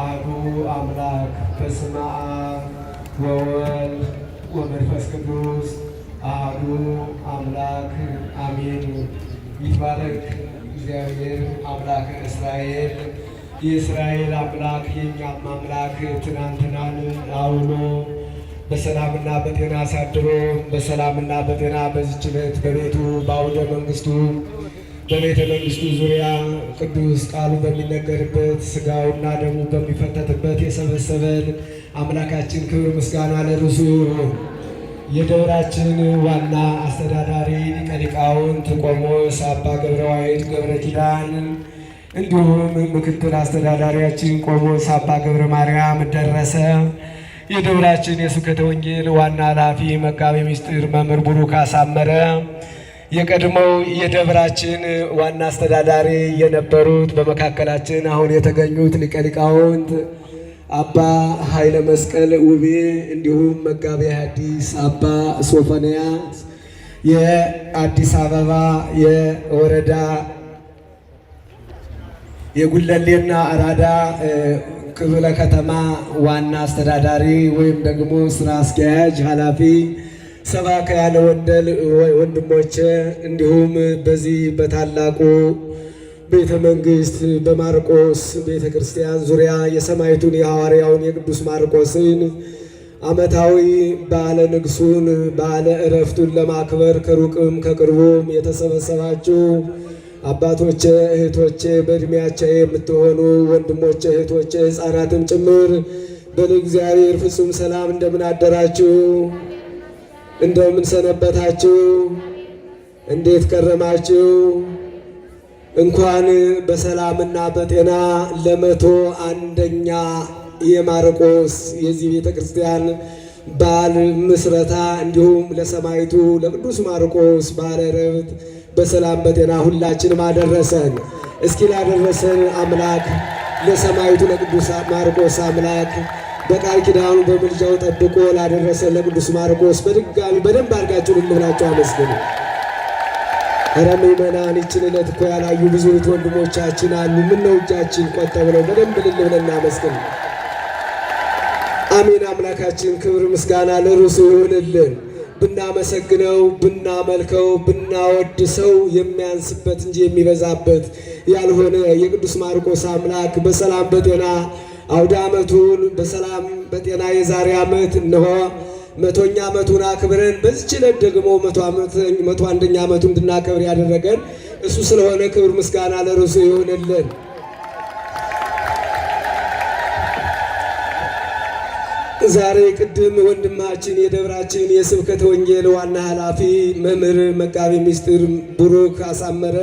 አቡ አምላክ በስመ አብ ወወልድ ወመንፈስ ቅዱስ አሐዱ አምላክ አሜን። ይትባረክ እግዚአብሔር አምላከ እስራኤል የእስራኤል አምላክ የእኛም አምላክ ትናንትናን አውሎ በሰላምና በጤና አሳድሮ በሰላምና በጤና በዚች ዕለት በቤቱ በአውደ መንግስቱ በቤተ መንግስቱ ዙሪያ ቅዱስ ቃሉ በሚነገርበት ስጋውና ደሙ በሚፈተትበት የሰበሰበን አምላካችን ክብር ምስጋና ለርሱ። የደብራችን ዋና አስተዳዳሪ ሊቀ ሊቃውንት ቆሞስ አባ ገብረዋይት ገብረ ኪዳን እንዲሁም ምክትል አስተዳዳሪያችን ቆሞስ አባ ገብረ ማርያም ደረሰ የደብራችን የስብከተ ወንጌል ዋና ኃላፊ መጋቤ ምስጢር መምህር ቡሩክ አሳመረ የቀድሞው የደብራችን ዋና አስተዳዳሪ የነበሩት በመካከላችን አሁን የተገኙት ሊቀ ሊቃውንት አባ ኃይለ መስቀል ውቤ እንዲሁም መጋቤ ሐዲስ አባ ሶፎንያ የአዲስ አበባ የወረዳ የጉለሌና አራዳ ክፍለ ከተማ ዋና አስተዳዳሪ ወይም ደግሞ ስራ አስኪያጅ ኃላፊ ሰባከ ያለ ወደል እንዲሁም በዚህ በታላቁ ቤተ መንግስት በማርቆስ ቤተ ክርስቲያን ዙሪያ የሰማይቱን የሐዋርያውን የቅዱስ ማርቆስን ዓመታዊ በዓለ ንግሱን በዓለ እረፍቱን ለማክበር ከሩቅም ከቅርቡም የተሰበሰባችሁ አባቶቼ፣ እህቶቼ፣ በእድሜያቸው የምትሆኑ ወንድሞቼ፣ እህቶቼ፣ ህፃናትም ጭምር በእግዚአብሔር ፍጹም ሰላም እንደምን አደራችሁ? እንደምን ሰነበታችሁ? እንዴት ከረማችሁ? እንኳን በሰላምና በጤና ለመቶ አንደኛ የማርቆስ የዚህ ቤተ ክርስቲያን በዓል ምስረታ እንዲሁም ለሰማይቱ ለቅዱስ ማርቆስ በዓለ በሰላም በጤና ሁላችንም አደረሰን። እስኪ ላደረሰን አምላክ ለሰማይቱ ለቅዱስ ማርቆስ አምላክ በቃል ኪዳኑ በምልጃው ጠብቆ ላደረሰ ለቅዱስ ማርቆስ በድጋሚ በደንብ አድርጋችሁ ልምብላችሁ አመስግኑ። ረም መናን ይችን ዕለት እኮ ያላዩ ብዙ እህት ወንድሞቻችን አሉ። ምነው እጃችን ቆጠ ብለው በደንብ ልልብለን እናመስግን። አሜን። አምላካችን ክብር ምስጋና ለርሱ ይሁንልን። ብናመሰግነው ብናመልከው ብናወድሰው የሚያንስበት እንጂ የሚበዛበት ያልሆነ የቅዱስ ማርቆስ አምላክ በሰላም በጤና አውደ ዓመቱን በሰላም በጤና የዛሬ ዓመት እንሆ መቶኛ ዓመቱን አክብረን በዚች ዕለት ደግሞ መቶ አንደኛ ዓመቱ እንድናከብር ያደረገን እሱ ስለሆነ ክብር ምስጋና ለርሱ ይሆንልን። ዛሬ ቅድም ወንድማችን የደብራችን የስብከተ ወንጌል ዋና ኃላፊ መምህር መጋቢ ምስጢር ብሩክ አሳመረ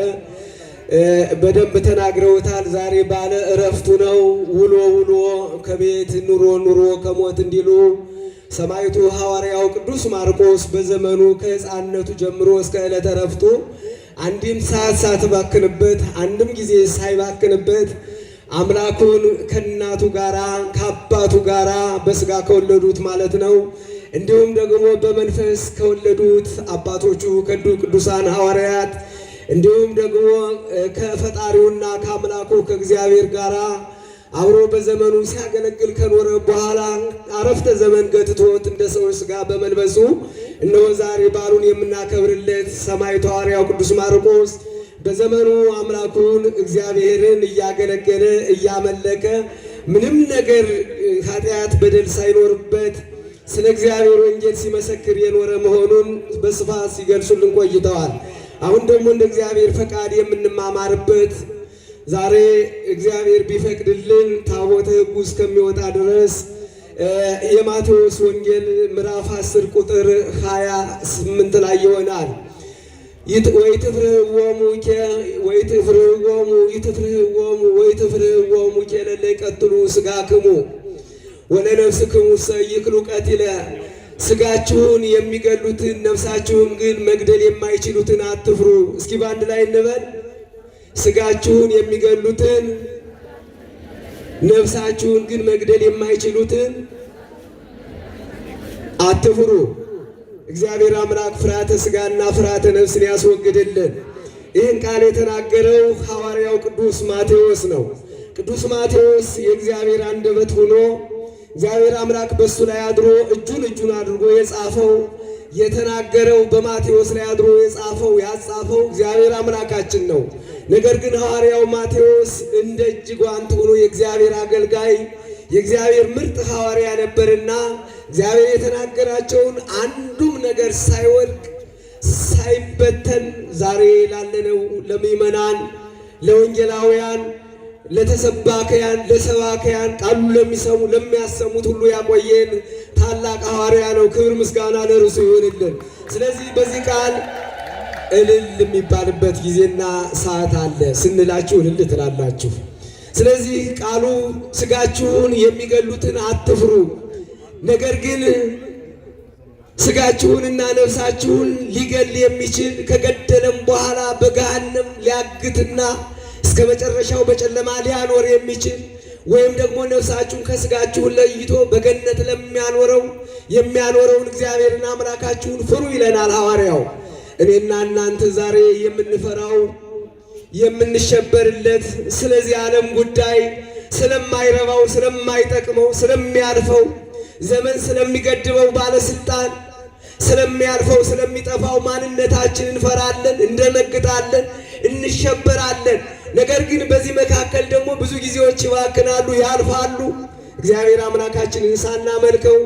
በደንብ ተናግረውታል። ዛሬ ባለ እረፍቱ ነው። ውሎ ውሎ ከቤት ኑሮ ኑሮ ከሞት እንዲሉ ሰማይቱ ሐዋርያው ቅዱስ ማርቆስ በዘመኑ ከሕፃንነቱ ጀምሮ እስከ ዕለተ እረፍቱ አንድም ሰዓት ሳትባክንበት አንድም ጊዜ ሳይባክንበት አምላኩን ከእናቱ ጋራ ከአባቱ ጋራ በስጋ ከወለዱት ማለት ነው እንዲሁም ደግሞ በመንፈስ ከወለዱት አባቶቹ ከዱ ቅዱሳን ሐዋርያት እንዲሁም ደግሞ ከፈጣሪውና ከአምላኩ ከእግዚአብሔር ጋር አብሮ በዘመኑ ሲያገለግል ከኖረ በኋላ አረፍተ ዘመን ገትቶት እንደ ሰዎች ስጋ በመልበሱ እነሆ ዛሬ በዓሉን የምናከብርለት ሰማዕቱ ሐዋርያው ቅዱስ ማርቆስ በዘመኑ አምላኩን እግዚአብሔርን እያገለገለ እያመለከ ምንም ነገር ኃጢአት፣ በደል ሳይኖርበት ስለ እግዚአብሔር ወንጌል ሲመሰክር የኖረ መሆኑን በስፋት ሲገልጹልን ቆይተዋል። አሁን ደግሞ እንደ እግዚአብሔር ፈቃድ የምንማማርበት ዛሬ እግዚአብሔር ቢፈቅድልን ታቦተ ሕጉ እስከሚወጣ ድረስ የማቴዎስ ወንጌል ምዕራፍ 10 ቁጥር 28 ላይ ይሆናል። ወይትፍርህዎሙ ወይትፍርህዎሙ ይትፍርህዎሙ ወይትፍርህዎሙ ኬለለ ይቀትሉ ሥጋክሙ ወለነፍስክሙ ሰ ቀትለ ስጋችሁን የሚገሉትን ነፍሳችሁን ግን መግደል የማይችሉትን አትፍሩ። እስኪ በአንድ ላይ እንበል። ስጋችሁን የሚገሉትን ነፍሳችሁን ግን መግደል የማይችሉትን አትፍሩ። እግዚአብሔር አምላክ ፍርሃተ ስጋና ፍርሃተ ነፍስን ያስወግድልን። ይህን ቃል የተናገረው ሐዋርያው ቅዱስ ማቴዎስ ነው። ቅዱስ ማቴዎስ የእግዚአብሔር አንደበት ሆኖ እግዚአብሔር አምላክ በእሱ ላይ አድሮ እጁን እጁን አድርጎ የጻፈው የተናገረው በማቴዎስ ላይ አድሮ የጻፈው ያጻፈው እግዚአብሔር አምላካችን ነው። ነገር ግን ሐዋርያው ማቴዎስ እንደ እጅ ጓንት ሆኖ የእግዚአብሔር አገልጋይ የእግዚአብሔር ምርጥ ሐዋርያ ነበርና እግዚአብሔር የተናገራቸውን አንዱም ነገር ሳይወድቅ ሳይበተን ዛሬ ላለነው ለምእመናን ለወንጌላውያን ለተሰባከያን ለሰባከያን ቃሉ ለሚሰሙ ለሚያሰሙት ሁሉ ያቆየን ታላቅ ሐዋርያ ነው። ክብር ምስጋና ለርሱ ይሆንልን። ስለዚህ በዚህ ቃል እልል የሚባልበት ጊዜና ሰዓት አለ ስንላችሁ እልል ትላላችሁ። ስለዚህ ቃሉ ስጋችሁን የሚገሉትን አትፍሩ፣ ነገር ግን ስጋችሁንና ነፍሳችሁን ሊገል የሚችል ከገደለም በኋላ በገሃነም ሊያግትና እስከ መጨረሻው በጨለማ ሊያኖር የሚችል ወይም ደግሞ ነፍሳችሁን ከስጋችሁን ለይቶ በገነት ለሚያኖረው የሚያኖረውን እግዚአብሔርን አምላካችሁን ፍሩ ይለናል ሐዋርያው። እኔና እናንተ ዛሬ የምንፈራው የምንሸበርለት ስለዚህ ዓለም ጉዳይ ስለማይረባው፣ ስለማይጠቅመው፣ ስለሚያልፈው ዘመን ስለሚገድበው ባለስልጣን ስለሚያልፈው ስለሚጠፋው ማንነታችን እንፈራለን፣ እንደነግጣለን፣ እንሸበራለን። ነገር ግን በዚህ መካከል ደግሞ ብዙ ጊዜዎች ይባክናሉ፣ ያልፋሉ። እግዚአብሔር አምላካችንን ሳናመልከው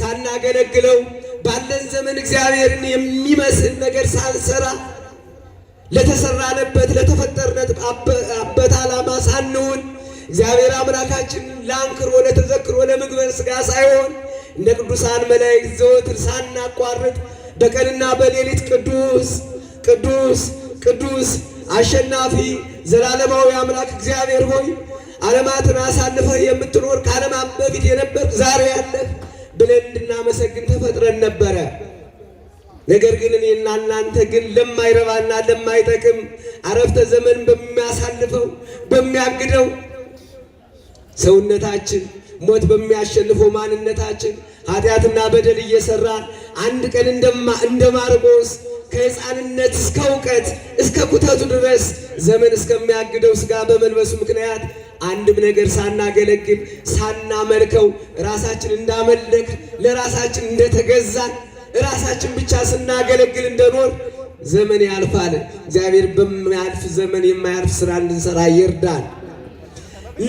ሳናገለግለው ባለን ዘመን እግዚአብሔርን የሚመስል ነገር ሳንሰራ ለተሰራንበት ለተፈጠርነት አበት ዓላማ ሳንሆን እግዚአብሔር አምላካችን ለአንክሮ ለተዘክሮ ለምግበን ስጋ ሳይሆን እንደ ቅዱሳን መላእክት ዘወትር ሳናቋርጥ በቀንና በሌሊት ቅዱስ ቅዱስ ቅዱስ አሸናፊ ዘላለማዊ አምላክ እግዚአብሔር ሆይ ዓለማትን አሳልፈህ የምትኖር ከዓለማት በፊት የነበር ዛሬ ያለህ ብለን እንድናመሰግን ተፈጥረን ነበረ። ነገር ግን እኔና እናንተ ግን ለማይረባና ለማይጠቅም አረፍተ ዘመን በሚያሳልፈው በሚያግደው ሰውነታችን ሞት በሚያሸንፈው ማንነታችን ኃጢአትና በደል እየሰራን አንድ ቀን እንደማርቆስ ከሕፃንነት እስከ እውቀት እስከ ኩተቱ ድረስ ዘመን እስከሚያግደው ሥጋ በመልበሱ ምክንያት አንድም ነገር ሳናገለግል ሳናመልከው ራሳችን እንዳመለክ ለራሳችን እንደተገዛን ራሳችን ብቻ ስናገለግል እንደኖር ዘመን ያልፋል። እግዚአብሔር በሚያልፍ ዘመን የማያልፍ ስራ እንድንሰራ ይርዳል።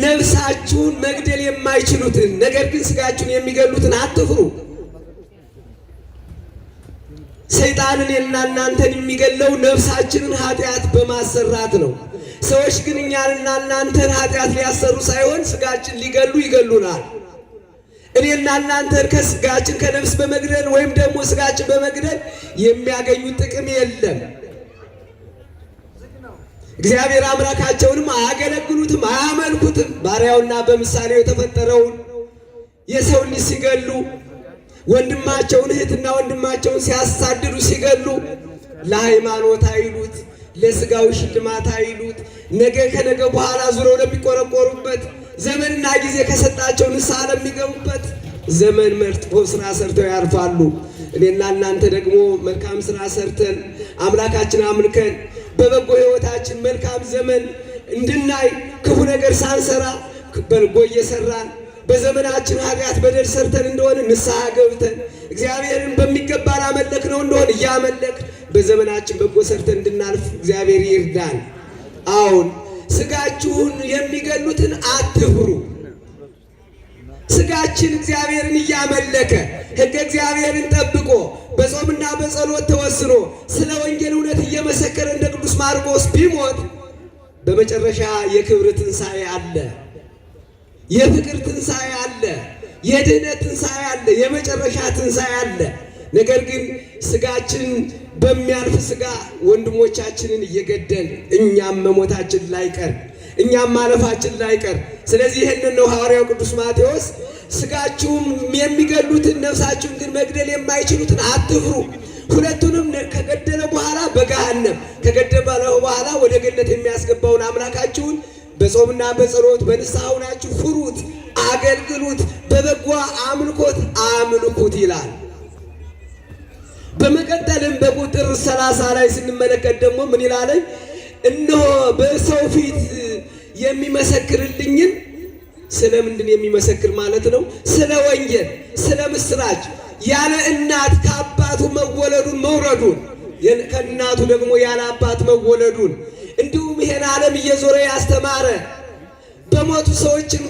ነፍሳችሁን መግደል የማይችሉትን ነገር ግን ስጋችሁን የሚገሉትን አትፍሩ። ሰይጣንን እና እናንተን የሚገለው ነፍሳችንን ኃጢአት በማሰራት ነው። ሰዎች ግን እኛንና እናንተን ኃጢአት ሊያሰሩ ሳይሆን ስጋችን ሊገሉ ይገሉናል። እኔና እናንተን ከስጋችን ከነፍስ በመግደል ወይም ደግሞ ስጋችን በመግደል የሚያገኙ ጥቅም የለም። እግዚአብሔር አምላካቸውንም አያገለግሉትም፣ አያመልኩትም። ባሪያውና በምሳሌው የተፈጠረውን የሰውን ሲገሉ ወንድማቸውን እህትና ወንድማቸውን ሲያሳድዱ ሲገሉ ለሃይማኖት አይሉት፣ ለስጋዊ ሽልማት አይሉት። ነገ ከነገ በኋላ ዙረው ለሚቆረቆሩበት ዘመንና ጊዜ ከሰጣቸው ንስሐ ለሚገቡበት ዘመን መርጦ ስራ ሰርተው ያርፋሉ። እኔና እናንተ ደግሞ መልካም ስራ ሰርተን አምላካችን አምልከን በበጎ ህይወታችን መልካም ዘመን እንድናይ ክፉ ነገር ሳንሰራ በልጎ እየሰራን በዘመናችን ኃጢአት በደል ሰርተን እንደሆነ ንስሐ ገብተን እግዚአብሔርን በሚገባ ላመለክ ነው እንደሆነ እያመለክ በዘመናችን በጎ ሰርተን እንድናልፍ እግዚአብሔር ይርዳን። አሁን ስጋችሁን የሚገሉትን አትፍሩ። ስጋችን እግዚአብሔርን እያመለከ ሕገ እግዚአብሔርን ጠብቆ በጾምና በጸሎት ተወስኖ ስለ ወንጌል እውነት እየመሰከረ እንደ ቅዱስ ማርቆስ ቢሞት በመጨረሻ የክብር ትንሣኤ አለ። የፍቅር ትንሣኤ አለ፣ የድህነት ትንሣኤ አለ፣ የመጨረሻ ትንሣኤ አለ። ነገር ግን ስጋችን በሚያልፍ ስጋ ወንድሞቻችንን እየገደል እኛም መሞታችን ላይቀር እኛም ማለፋችን ላይቀር። ስለዚህ ይህንን ነው ሐዋርያው ቅዱስ ማቴዎስ ስጋችሁም የሚገሉትን ነፍሳችሁን ግን መግደል የማይችሉትን አትፍሩ፣ ሁለቱንም ከገደለ በኋላ በገሃነም ከገደለ በኋላ ወደ ገነት የሚያስገባውን አምላካችሁን በጾምና በጸሎት በንስሐ ሆናችሁ ፍሩት፣ አገልግሉት፣ በበጎ አምልኮት አምልኩት ይላል። በመቀጠልም በቁጥር ሰላሳ ላይ ስንመለከት ደግሞ ምን ይላለኝ? እነሆ በሰው ፊት የሚመሰክርልኝን ስለ ምንድን የሚመሰክር ማለት ነው? ስለ ወንጌል፣ ስለ ምስራች ያለ እናት ከአባቱ መወለዱን መውረዱን ከእናቱ ደግሞ ያለ አባት መወለዱን እንዲሁም ይሄን ዓለም እየዞረ ያስተማረ በሞቱ ሰዎችን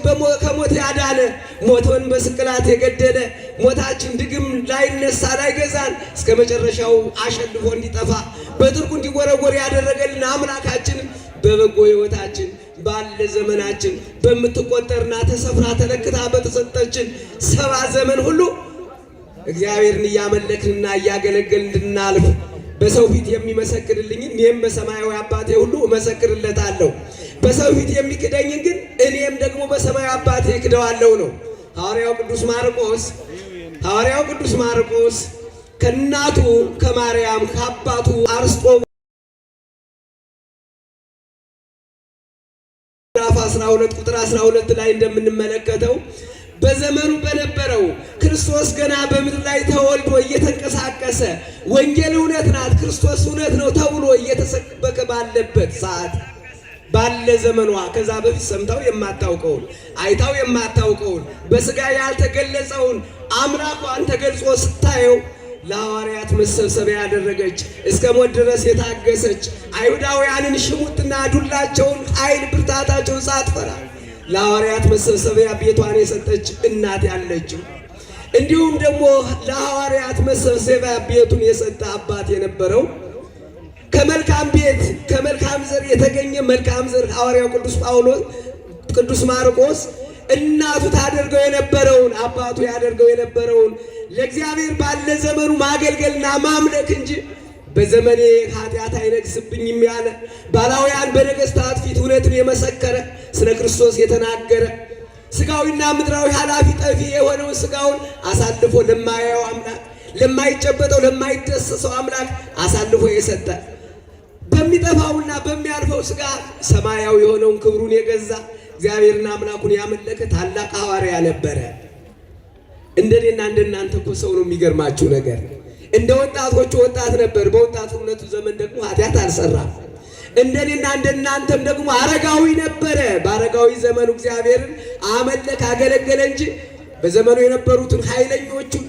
ከሞት ያዳነ ሞተውን በስቅላት የገደለ ሞታችን ድግም ላይነሳ ላይገዛን እስከ መጨረሻው አሸልፎ እንዲጠፋ በጥርቁ እንዲወረወር ያደረገልን አምላካችን በበጎ ሕይወታችን ባለ ዘመናችን በምትቆጠርና ተሰፍራ ተለክታ በተሰጠችን ሰባ ዘመን ሁሉ እግዚአብሔርን እያመለክንና እያገለገልን እንድናልፍ በሰው ፊት የሚመሰክርልኝን እኔም በሰማያዊ አባቴ ሁሉ እመሰክርለታለሁ። በሰው ፊት የሚክደኝን ግን እኔም ደግሞ በሰማያዊ አባቴ እክደዋለሁ ነው ሐዋርያው ቅዱስ ማርቆስ። ሐዋርያው ቅዱስ ማርቆስ ከእናቱ ከማርያም ከአባቱ አርስጦ ምዕራፍ 12 ቁጥር 12 ላይ እንደምንመለከተው በዘመኑ በነበረው ክርስቶስ ገና በምድር ላይ ተወልዶ እየተንቀሳቀሰ ወንጌል እውነት ናት፣ ክርስቶስ እውነት ነው ተብሎ እየተሰበከ ባለበት ሰዓት ባለ ዘመኗ ከዛ በፊት ሰምታው የማታውቀውን አይታው የማታውቀውን በስጋ ያልተገለጸውን አምላኳን ተገልጾ ስታየው ለሐዋርያት መሰብሰቢያ ያደረገች እስከ ሞት ድረስ የታገሰች አይሁዳውያንን ሽሙጥና ዱላቸውን ኃይል ብርታታቸውን ሳትፈራ ለሐዋርያት መሰብሰቢያ ቤቷን የሰጠች እናት ያለችው እንዲሁም ደግሞ ለሐዋርያት መሰብሰቢያ ቤቱን የሰጠ አባት የነበረው ከመልካም ቤት ከመልካም ዘር የተገኘ መልካም ዘር ሐዋርያው ቅዱስ ጳውሎስ ቅዱስ ማርቆስ እናቱ ታደርገው የነበረውን አባቱ ያደርገው የነበረውን ለእግዚአብሔር ባለ ዘመኑ ማገልገልና ማምለክ እንጂ በዘመኔ ኃጢአት አይነግስብኝም ያለ ባላውያን በነገስታት ፊት እውነትን የመሰከረ ስለ ክርስቶስ የተናገረ ስጋዊና ምድራዊ ኃላፊ ጠፊ የሆነውን ስጋውን አሳልፎ ለማያየው አምላክ፣ ለማይጨበጠው ለማይደሰሰው አምላክ አሳልፎ የሰጠ በሚጠፋውና በሚያልፈው ስጋ ሰማያዊ የሆነውን ክብሩን የገዛ እግዚአብሔርን አምላኩን ያመለከ ታላቅ ሐዋርያ ነበረ። እንደኔና እንደናንተ እኮ ሰው ነው። የሚገርማችሁ ነገር እንደ ወጣቶቹ ወጣት ነበር። በወጣትነቱ ዘመን ደግሞ ኃጢአት አልሰራም። እንደኔና እንደናንተም ደግሞ አረጋዊ ነበረ። በአረጋዊ ዘመኑ እግዚአብሔርን አመለክ አገለገለ እንጂ በዘመኑ የነበሩትን ኃይለኞቹን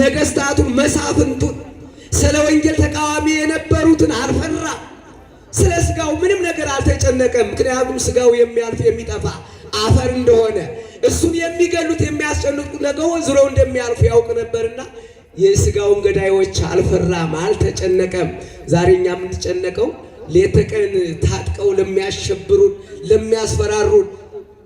ነገስታቱን፣ መሳፍንቱን ስለ ወንጌል ተቃዋሚ የነበሩትን አልፈራ። ስለ ስጋው ምንም ነገር አልተጨነቀም። ምክንያቱም ስጋው የሚያልፍ የሚጠፋ አፈር እንደሆነ እሱን የሚገሉት የሚያስጨንቁት ለገሆ ዝሮ እንደሚያልፉ ያውቅ ነበርና የስጋውን ገዳዮች አልፈራም፣ አልተጨነቀም። ዛሬ እኛ የምንጨነቀው ሌት ቀን ታጥቀው ለሚያሸብሩን፣ ለሚያስፈራሩን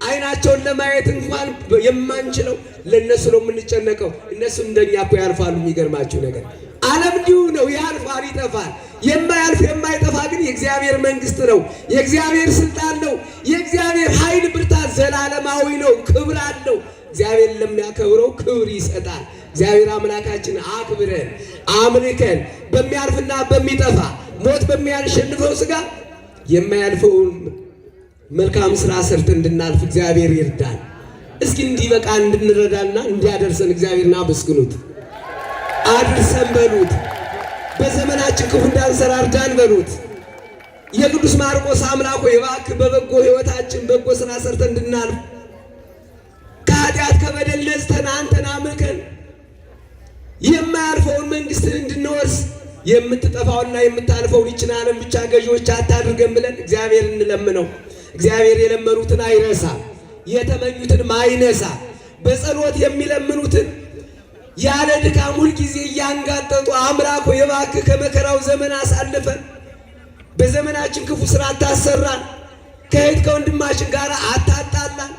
አይናቸውን ለማየት እንኳን የማንችለው ለእነሱ ነው የምንጨነቀው። እነሱ እንደኛ እኮ ያልፋሉ። የሚገርማችሁ ነገር ዓለም እንዲሁ ነው፣ ያልፋል፣ ይጠፋል። የማያልፍ የማይጠፋ ግን የእግዚአብሔር መንግስት ነው፣ የእግዚአብሔር ስልጣን ነው፣ የእግዚአብሔር ኃይል ብርታት ዘላለማዊ ነው፣ ክብር አለው። እግዚአብሔር ለሚያከብረው ክብር ይሰጣል። እግዚአብሔር አምላካችን አክብረን አምልከን በሚያልፍና በሚጠፋ ሞት በሚያሸንፈው ስጋ የማያልፈውን መልካም ስራ ሰርተን እንድናልፍ እግዚአብሔር ይርዳል። እስኪ እንዲበቃ በቃ እንድንረዳና እንዲያደርሰን እግዚአብሔርን አመስግኑት፣ አድርሰን በሉት። በዘመናችን ክፉ እንዳንሰራ እርዳን በሉት። የቅዱስ ማርቆስ አምላኮ የባክ በበጎ ህይወታችን በጎ ስራ ሰርተን እንድናልፍ ከኃጢአት ከበደል ነጽተን አንተን አምልከን የማያልፈውን መንግስት እንድንወርስ የምትጠፋውና የምታልፈውን ይችን ዓለም ብቻ ገዢዎች አታድርገን ብለን እግዚአብሔር እንለምነው። እግዚአብሔር የለመኑትን አይረሳ፣ የተመኙትን ማይነሳ፣ በጸሎት የሚለምኑትን ያለ ድካም ሁልጊዜ እያንጋጠጡ አምራኮ የባክ ከመከራው ዘመን አሳልፈን፣ በዘመናችን ክፉ ስራ አታሰራን፣ ከእህት ከወንድማችን ጋር አታጣላን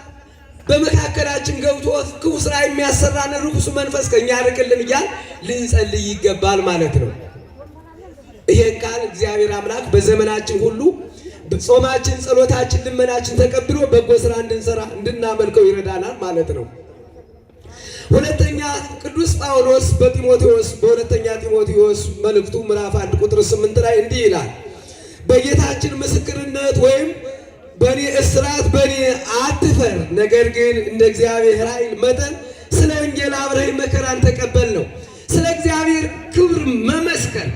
በመካከላችን ገብቶ ክፉ ስራ የሚያሰራን ርኩስ መንፈስ ከእኛ ርቅልን እያል ልንጸልይ ይገባል ማለት ነው። ይሄን ቃል እግዚአብሔር አምላክ በዘመናችን ሁሉ ጾማችን፣ ጸሎታችን፣ ልመናችን ተቀብሎ በጎ ስራ እንድንሰራ እንድናመልከው ይረዳናል ማለት ነው። ሁለተኛ ቅዱስ ጳውሎስ በጢሞቴዎስ በሁለተኛ ጢሞቴዎስ መልእክቱ ምዕራፍ አንድ ቁጥር ስምንት ላይ እንዲህ ይላል በጌታችን ምስክርነት ወይም በእኔ እስራት በእኔ አትፈር፣ ነገር ግን እንደ እግዚአብሔር ኃይል መጠን ስለ ወንጌል አብረኸኝ መከራን ተቀበል ነው። ስለ እግዚአብሔር ክብር መመስከር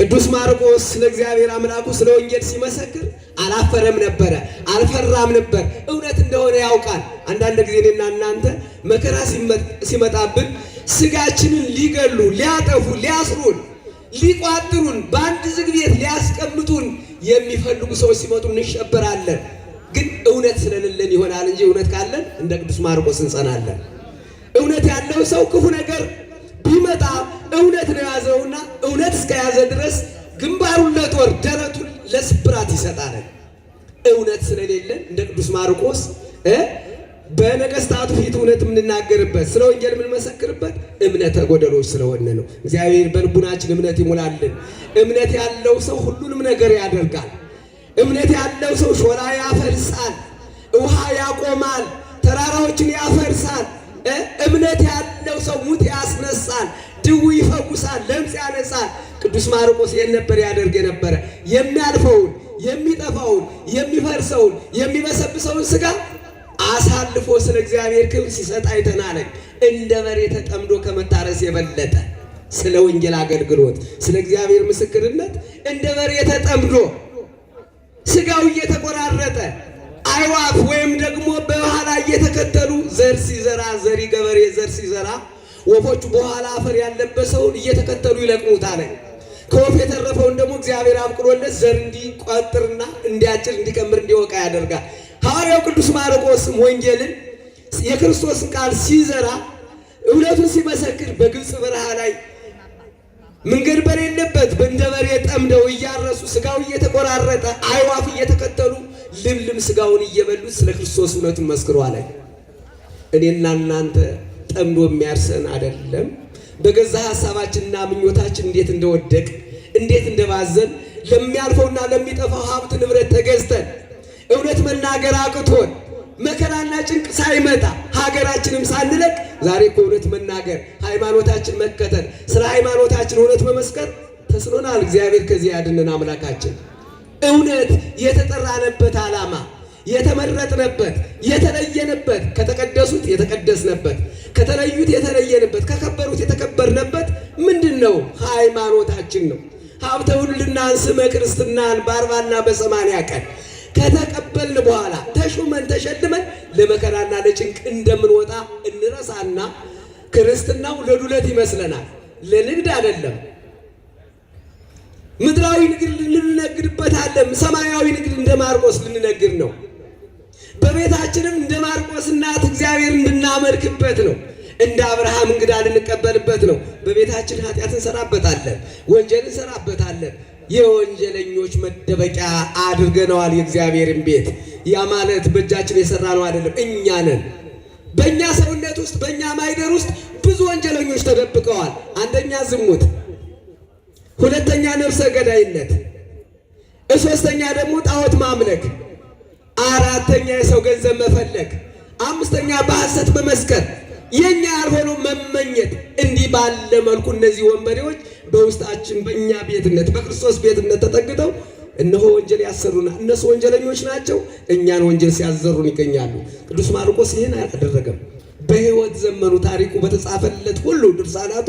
ቅዱስ ማርቆስ ስለ እግዚአብሔር አምላኩ ስለ ወንጌል ሲመሰክር አላፈረም ነበረ፣ አልፈራም ነበር። እውነት እንደሆነ ያውቃል። አንዳንድ ጊዜ እኔና እናንተ መከራ ሲመጣብን ስጋችንን ሊገሉ ሊያጠፉ ሊያስሩን ሊቋጥሩን በአንድ ዝግ ቤት ሊያስቀምጡን የሚፈልጉ ሰዎች ሲመጡ እንሸበራለን። ግን እውነት ስለሌለን ይሆናል እንጂ እውነት ካለን እንደ ቅዱስ ማርቆስ እንጸናለን። እውነት ያለው ሰው ክፉ ነገር ቢመጣ እውነት ነው የያዘውና እውነት እስከያዘ ድረስ ግንባሩን ለጦር ደረቱን ለስብራት ይሰጣል። እውነት ስለሌለን እንደ ቅዱስ ማርቆስ በነገስታቱ ፊት እውነት የምንናገርበት ስለ ወንጌል የምንመሰክርበት እምነተ ጎደሎች ስለሆነ ነው። እግዚአብሔር በልቡናችን እምነት ይሙላልን። እምነት ያለው ሰው ሁሉንም ነገር ያደርጋል። እምነት ያለው ሰው ሾላ ያፈልሳል፣ ውሃ ያቆማል፣ ተራራዎችን ያፈርሳል። እምነት ያለው ሰው ሙት ያስነሳል፣ ድው ይፈውሳል፣ ለምጽ ያነጻል። ቅዱስ ማርቆስ ይህን ነበር ያደርግ የነበረ የሚያልፈውን የሚጠፋውን የሚፈርሰውን የሚበሰብሰውን ስጋ አሳልፎ ስለ እግዚአብሔር ክብር ሲሰጥ አይተናል። እንደ በሬ ተጠምዶ ከመታረስ የበለጠ ስለ ወንጌል አገልግሎት፣ ስለ እግዚአብሔር ምስክርነት እንደ በሬ ተጠምዶ ስጋው እየተቆራረጠ አይዋፍ ወይም ደግሞ በኋላ እየተከተሉ ዘር ሲዘራ ዘሪ ገበሬ ዘር ሲዘራ ወፎቹ በኋላ አፈር ያለበሰው እየተከተሉ ይለቅሙታል። ከወፍ የተረፈውን ደግሞ እግዚአብሔር አብቅሎለት ዘር እንዲቆጥርና እንዲያጭር እንዲቀምር እንዲወቃ ያደርጋል። ሐዋርያው ቅዱስ ማርቆስ ወንጌልን የክርስቶስን ቃል ሲዘራ እውነቱን ሲመሰክር በግብፅ በረሃ ላይ መንገድ በሌለበት እንደ በሬ ጠምደው እያረሱ ስጋው እየተቆራረጠ አይዋፍ እየተከተሉ ልምልም ስጋውን እየበሉት ስለ ክርስቶስ እውነቱን መስክሯል። እኔና እናንተ ጠምዶ የሚያርሰን አይደለም። በገዛ ሀሳባችንና ምኞታችን እንዴት እንደወደቅ እንዴት እንደባዘን ለሚያልፈውና ለሚጠፋው ሀብት ንብረት ተገዝተን እውነት መናገር አቅቶን መከራና ጭንቅ ሳይመጣ ሀገራችንም ሳንለቅ ዛሬ እኮ እውነት መናገር ሃይማኖታችን መከተል ስለ ሃይማኖታችን እውነት መመስከር ተስኖናል። እግዚአብሔር ከዚህ ያድንን። አምላካችን እውነት የተጠራነበት ዓላማ የተመረጥንበት የተለየንበት ከተቀደሱት የተቀደስንበት ከተለዩት የተለየንበት ከከበሩት የተከበርንበት ምንድን ነው? ሃይማኖታችን ነው። ሀብተ ውልድናን ስመ ክርስትናን በአርባና በሰማንያ ቀን ከተቀበልን በኋላ ተሹመን ተሸልመን ለመከራና ለጭንቅ እንደምንወጣ እንረሳና ክርስትናው ለዱለት ይመስለናል። ለንግድ አይደለም። ምድራዊ ንግድ ልንነግድበት አለም፣ ሰማያዊ ንግድ እንደ ማርቆስ ልንነግድ ነው። በቤታችንም እንደ ማርቆስ እናት እግዚአብሔር እንድናመልክበት ነው። እንደ አብርሃም እንግዳ ልንቀበልበት ነው። በቤታችን ኃጢአት እንሰራበታለን፣ ወንጀል እንሰራበታለን የወንጀለኞች መደበቂያ አድርገነዋል የእግዚአብሔርን ቤት። ያ ማለት በእጃችን ነው አይደለም፣ እኛ ነን። በእኛ ሰውነት ውስጥ በእኛ ማይደር ውስጥ ብዙ ወንጀለኞች ተደብቀዋል። አንደኛ ዝሙት፣ ሁለተኛ ነፍሰ ገዳይነት፣ ሶስተኛ ደግሞ ጣዖት ማምለክ፣ አራተኛ የሰው ገንዘብ መፈለግ፣ አምስተኛ በሐሰት መመስከር፣ የእኛ ያልሆነው መመኘት። እንዲህ ባለ መልኩ እነዚህ ወንበዴዎች በውስጣችን በእኛ ቤትነት በክርስቶስ ቤትነት ተጠግተው እነሆ ወንጀል ያሰሩና እነሱ ወንጀለኞች ናቸው፣ እኛን ወንጀል ሲያዘሩን ይገኛሉ። ቅዱስ ማርቆስ ይህን አላደረገም። በሕይወት ዘመኑ ታሪኩ በተጻፈለት ሁሉ ድርሳናቱ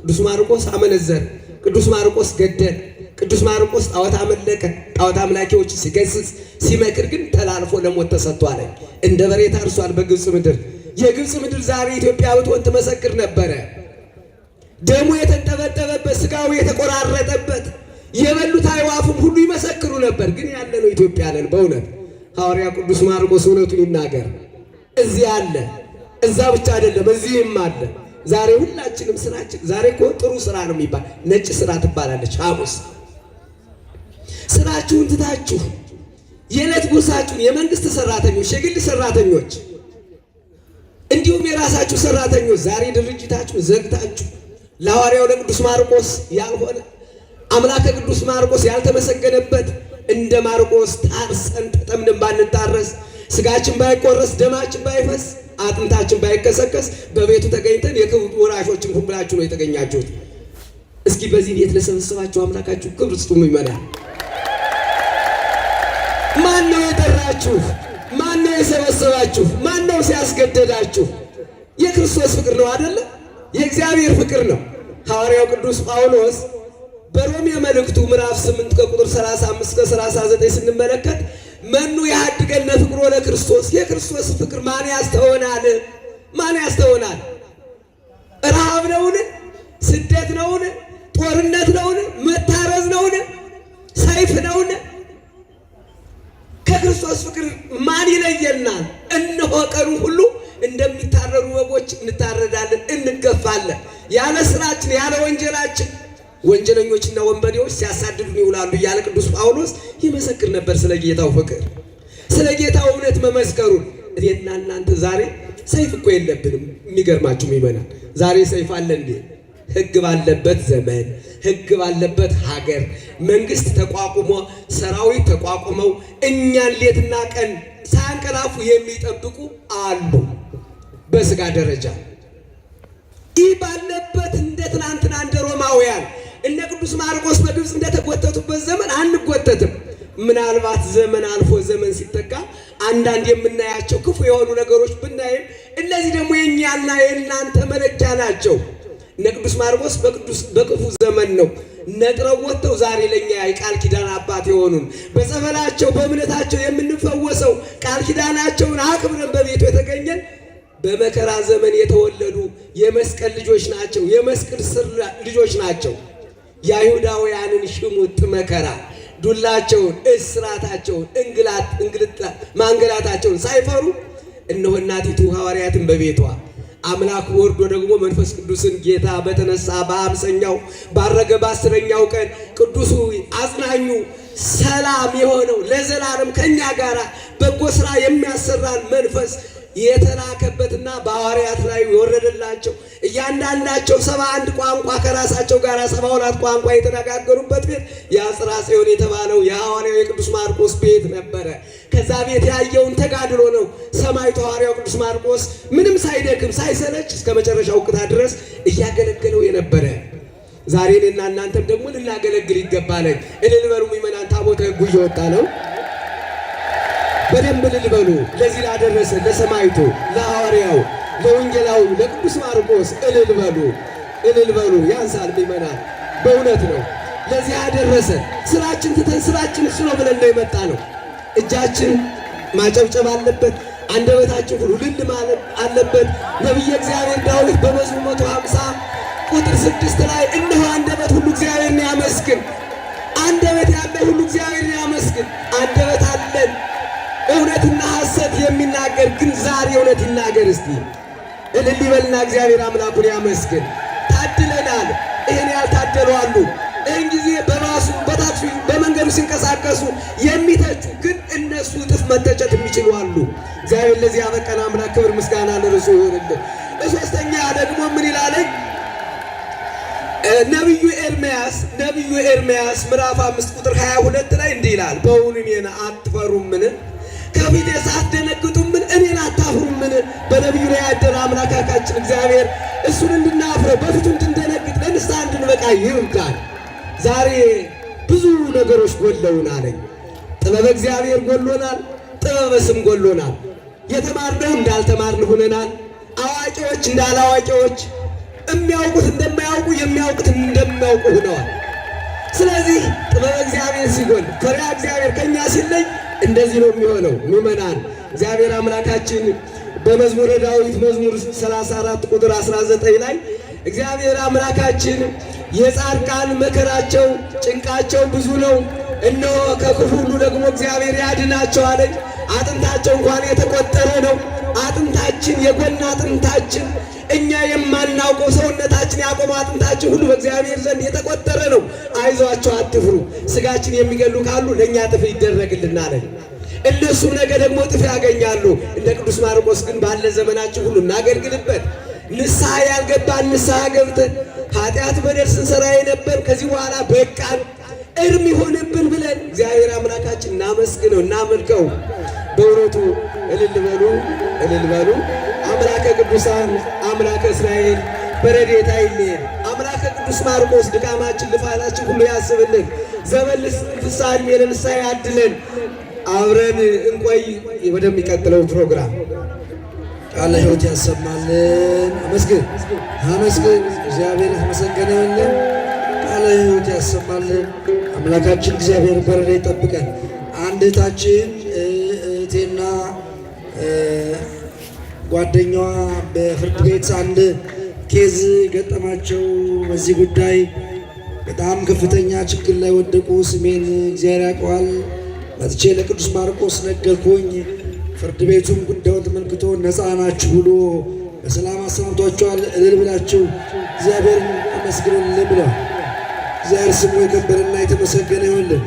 ቅዱስ ማርቆስ አመነዘር ቅዱስ ማርቆስ ገደል፣ ቅዱስ ማርቆስ ጣዖት አመለከ፣ ጣዖት አምላኪዎች ሲገስጽ ሲመክር ግን ተላልፎ ለሞት ተሰጥቷል። እንደ በሬ ታርሷል በግብፅ ምድር። የግብፅ ምድር ዛሬ ኢትዮጵያ ብትሆን ትመሰክር ነበረ። ደሙ የተንጠበጠበበት ስጋው የተቆራረጠበት የበሉት አይዋፉም ሁሉ ይመሰክሩ ነበር። ግን ነው ኢትዮጵያ ነን። በእውነት ሐዋርያ ቅዱስ ማርቆስ እውነቱን ይናገር። እዚህ አለ፣ እዛ ብቻ አይደለም፣ እዚህም አለ። ዛሬ ሁላችንም ስራችን ዛሬ እኮ ጥሩ ስራ ነው የሚባል ነጭ ስራ ትባላለች ሐሙስ። ስራችሁን ትታችሁ የዕለት ጉርሳችሁን የመንግስት ሰራተኞች፣ የግል ሰራተኞች እንዲሁም የራሳችሁ ሰራተኞች ዛሬ ድርጅታችሁ ዘግታችሁ ለሐዋርያው ለቅዱስ ማርቆስ ያልሆነ አምላከ ቅዱስ ማርቆስ ያልተመሰገነበት እንደ ማርቆስ ታርሰን ተጠምደን ባንታረስ ስጋችን ባይቆረስ ደማችን ባይፈስ አጥንታችን ባይከሰከስ በቤቱ ተገኝተን የክብር ወራሾችን ሁላችሁ ነው የተገኛችሁት። እስኪ በዚህ ቤት ለሰበሰባችሁ አምላካችሁ ክብር ስጡ። ይመናል። ማን ነው የጠራችሁ? ማን ነው የሰበሰባችሁ? ማን ነው ሲያስገደዳችሁ? የክርስቶስ ፍቅር ነው አይደለም? የእግዚአብሔር ፍቅር ነው። ሐዋርያው ቅዱስ ጳውሎስ በሮሜ መልእክቱ ምዕራፍ 8 ከቁጥር 35 እስከ 39 ስንመለከት መኑ ያድገነ ፍቅሮ ለክርስቶስ የክርስቶስ ፍቅር ማን ያስተውናል? ማን ያስተውናል? ረሃብ ነውን? ስደት ነውን? ጦርነት ነውን? መታረዝ ነውን? ሰይፍ ነውን? የክርስቶስ ፍቅር ማን ይለየናል? እነሆ ቀኑ ሁሉ እንደሚታረዱ በጎች እንታረዳለን፣ እንገፋለን። ያለ ስራችን ያለ ወንጀላችን ወንጀለኞችና ወንበዴዎች ሲያሳድዱን ይውላሉ እያለ ቅዱስ ጳውሎስ ይመሰክር ነበር ስለ ጌታው ፍቅር፣ ስለ ጌታው እውነት መመስከሩን። እኔና እናንተ ዛሬ ሰይፍ እኮ የለብንም። የሚገርማችሁ ይመናል ዛሬ ሰይፍ አለ እንዴ? ህግ ባለበት ዘመን ህግ ባለበት ሀገር መንግስት ተቋቁሞ ሰራዊት ተቋቁመው እኛን ሌትና ቀን ሳያንቀላፉ የሚጠብቁ አሉ። በስጋ ደረጃ ይህ ባለበት እንደ ትናንትና እንደ ሮማውያን እነ ቅዱስ ማርቆስ በግብፅ እንደተጎተቱበት ዘመን አንጎተትም። ምናልባት ዘመን አልፎ ዘመን ሲጠቃ አንዳንድ የምናያቸው ክፉ የሆኑ ነገሮች ብናይም እነዚህ ደግሞ የእኛና የእናንተ መለኪያ ናቸው። እነ ቅዱስ ማርቆስ በክፉ ዘመን ነው ነጥረው ወጥተው ዛሬ ለእኛ የቃል ኪዳን አባት የሆኑን በጸበላቸው በእምነታቸው የምንፈወሰው ቃል ኪዳናቸውን አክብረን በቤቱ የተገኘን በመከራ ዘመን የተወለዱ የመስቀል ልጆች ናቸው። የመስቀል ስር ልጆች ናቸው። የአይሁዳውያንን ሽሙጥ መከራ ዱላቸውን፣ እስራታቸውን፣ እንግልት ማንገላታቸውን ሳይፈሩ እነሆ እናቲቱ ሐዋርያትን በቤቷ አምላክ ወርዶ ደግሞ መንፈስ ቅዱስን ጌታ በተነሳ በአምሰኛው ባረገ በአስረኛው ቀን ቅዱሱ አጽናኙ ሰላም የሆነው ለዘላለም ከእኛ ጋር በጎ ስራ የሚያሰራን መንፈስ የተላከበትና በሐዋርያት ላይ የወረደላቸው እያንዳንዳቸው ሰባ አንድ ቋንቋ ከራሳቸው ጋር ሰባ ሁለት ቋንቋ የተነጋገሩበት ቤት የአጽራ ጽዮን የተባለው የሐዋርያው የቅዱስ ማርቆስ ቤት ነበረ። ከዛ ቤት ያየውን ተጋድሎ ነው ሰማዕቱ ሐዋርያው ቅዱስ ማርቆስ ምንም ሳይደክም ሳይሰለች እስከ መጨረሻው ቅታ ድረስ እያገለገለው የነበረ ዛሬ እኔና እናንተም ደግሞ ልናገለግል ይገባለን። እልል በሉ ምእመናን፣ ታቦተ ሕጉ እየወጣ ነው። በደንብ ልልበሉ ለዚህ ላደረሰ ለሰማይቱ ለሐዋርያው ለወንጌላዊ ለቅዱስ ማርቆስ እልልበሉ እልልበሉ። ያንሳል ምእመናን፣ በእውነት ነው። ለዚህ ያደረሰ ስራችን ትተን ስራችን ስሎ ብለን ነው የመጣ ነው። እጃችን ማጨብጨብ አለበት። አንደበታችን ሁሉ ልል ማለት አለበት። ነቢየ እግዚአብሔር ዳዊት በመዝሙር መቶ ሀምሳ ቁጥር ስድስት ላይ እነሆ አንደበት ሁሉ እግዚአብሔርን ያመስግን፣ አንደበት ያለ ሁሉ እግዚአብሔርን ያመስግን። አንደበት አለን እውነትና ሐሰት የሚናገር ግን ዛሬ እውነት ይናገር እስቲ። እልል ይበልና እግዚአብሔር አምላኩን ያመስግን። ታድለናል። ይህን ያልታደሉ አሉ። ይህን ጊዜ በባሱ በታክሲ በመንገዱ ሲንቀሳቀሱ የሚተቹ ግን እነሱ እጥፍ መተቸት የሚችሉ አሉ። እግዚአብሔር ለዚህ ያበቀን አምላክ ክብር ምስጋና ለርሱ ይሆንልን። በሶስተኛ ደግሞ ምን ይላለኝ? ነቢዩ ኤርምያስ ነቢዩ ኤርምያስ ምዕራፍ አምስት ቁጥር 22 ላይ እንዲህ ይላል፣ በውኑ እኔን አትፈሩምን? ዳዊት ሳትደነግጡምን እኔን አታፍሩምን? በነቢዩ ላይ ያደረ አምላካካችን እግዚአብሔር እሱን እንድናፍረው በፊቱ እንድንደነግጥ ለንስሐ እንድንበቃ ይርዳል። ዛሬ ብዙ ነገሮች አለኝ። ጥበበ እግዚአብሔር ጎሎናል ጥበበ ስም ጎሎናል። የተማርነው እንዳልተማርን ሆነናል። አዋቂዎች እንዳላዋቂዎች፣ የሚያውቁት እንደማያውቁ፣ የሚያውቁት እንደማያውቁ የሚያውቁት እንደሚያውቁ ሆነዋል ስለዚህ ጥበበ እግዚአብሔር ሲጎል ፍሬያ እግዚአብሔር ከእኛ ሲለይ እንደዚህ ነው የሚሆነው። ምእመናን እግዚአብሔር አምላካችን በመዝሙረ ዳዊት መዝሙር 34 ቁጥር 19 ላይ እግዚአብሔር አምላካችን የጻድቃን መከራቸው ጭንቃቸው ብዙ ነው፣ እነሆ ከክፉ ሁሉ ደግሞ እግዚአብሔር አለኝ። አጥንታቸው እንኳን የተቆጠረ ነው። አጥንታችን የጎን አጥንታችን እኛ የማናውቀው ሰውነታችን ያቆመ አጥንታችን ሁሉ በእግዚአብሔር ዘንድ የተቆጠረ ነው። አይዟቸው፣ አትፍሩ። ስጋችን የሚገሉ ካሉ ለእኛ ጥፍ ይደረግልናል። እነሱም ነገ ደግሞ ጥፍ ያገኛሉ። እንደ ቅዱስ ማርቆስ ግን ባለ ዘመናችን ሁሉ እናገልግልበት። ንስሐ ያልገባን ንስሐ ገብተን ኃጢአት በደል ስንሰራ የነበር ከዚህ በኋላ በቃን እርም ይሆንብን ብለን እግዚአብሔር አምላካችን እናመስግነው፣ እናመልከው። በእውነቱ እልል በሉ፣ እልል በሉ። አምላከ ቅዱሳን አምላከ እስራኤል በረድኤት አይለየን። አምላከ ቅዱስ ማርቆስ ድካማችን፣ ልፋታችን ሁሉ ያስብልን። ዘመን ፍስሐ ዕድሜ አድለን አብረን እንቆይ ወደሚቀጥለው ፕሮግራም። ቃለ ሕይወት ያሰማልን። አመስግን አመስግን፣ እግዚአብሔር አመሰገናለን። ቃለ ሕይወት ያሰማልን። አምላካችን እግዚአብሔር በረድኤት ይጠብቀን። አንድ እህታችን እህቴና ጓደኛዋ በፍርድ ቤት አንድ ኬዝ ገጠማቸው። በዚህ ጉዳይ በጣም ከፍተኛ ችግር ላይ ወደቁ። ስሜን እግዚአብሔር ያውቀዋል። መጥቼ ለቅዱስ ማርቆስ ነገርኩኝ። ፍርድ ቤቱም ጉዳዩን ተመልክቶ ነፃ ናችሁ ብሎ በሰላም አሰናብቷቸዋል። እልል ብላችሁ እግዚአብሔርን አመስግኑልን ብለ እግዚአብሔር ስሙ የከበረና የተመሰገነ ይሆንልን።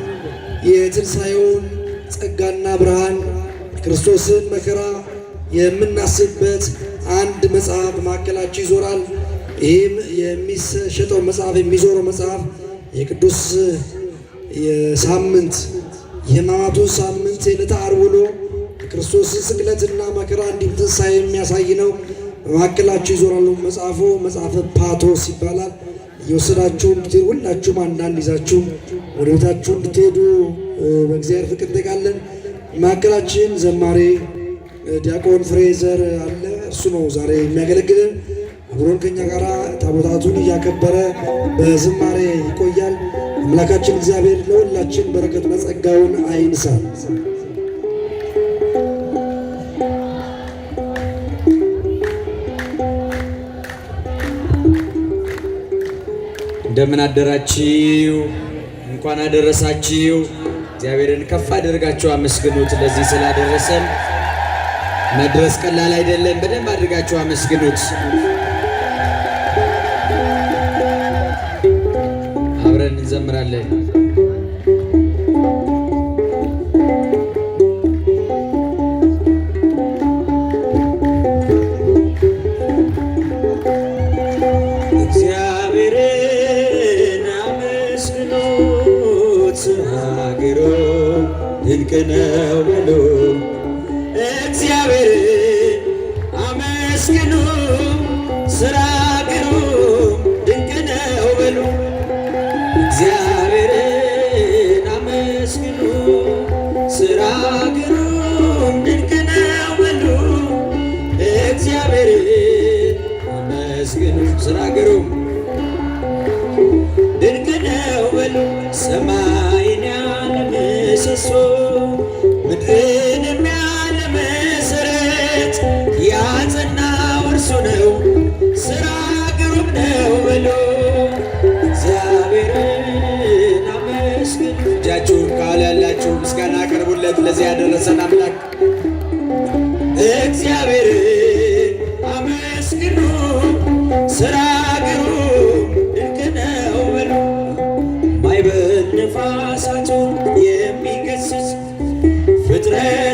የትንሣኤውን ጸጋና ብርሃን ክርስቶስን መከራ የምናስብበት አንድ መጽሐፍ ማዕከላችሁ ይዞራል። ይህም የሚሸጠው መጽሐፍ የሚዞረው መጽሐፍ የቅዱስ ሳምንት የሕማማቱ ሳምንት የዕለተ ዓርብ ውሎ ስቅለትና መከራ እንዲሁም ትንሣኤ የሚያሳይ ነው። በማዕከላችሁ ይዞራሉ። መጽሐፉ መጽሐፈ ፓቶስ ይባላል። እየወሰዳችሁ እንድትሄዱ ሁላችሁም አንዳንድ ይዛችሁ ወደ ቤታችሁ እንድትሄዱ በእግዚአብሔር ፍቅር እንጠይቃለን። ማዕከላችን ዘማሬ ዲያቆን ፍሬዘር አለ። እሱ ነው ዛሬ የሚያገለግል አብሮን ከኛ ጋር ታቦታቱን እያከበረ በዝማሬ ይቆያል። አምላካችን እግዚአብሔር ለሁላችን በረከት መጸጋውን አይንሳል። እንደምን አደራችሁ? እንኳን አደረሳችሁ። እግዚአብሔርን ከፍ አድርጋችሁ አመስግኑት ለዚህ ስላደረሰን መድረስ ቀላል አይደለም። በደንብ አድርጋችሁ አመስግኑት። አብረን እንዘምራለን። እግዚአብሔርን አመስግኑት፣ ሀገሩ ድንቅ ነው በሉ እግዚአብሔር አመስግኑ፣ ስራ ግሩም ድንቅ ነው በሉ። እግዚአብሔርን አመስግኑ፣ ስራ ግሩም ድንቅ ነው በሉ። እግዚአብሔርን አመስግኑ፣ ስራ ግሩም ድንቅ ነው በሉ። በምህረት ለዚህ ያደረሰን አምላክ እግዚአብሔር አመስግኑ፣ ስራ ድንቅ ነው በሉ። ፍጥረት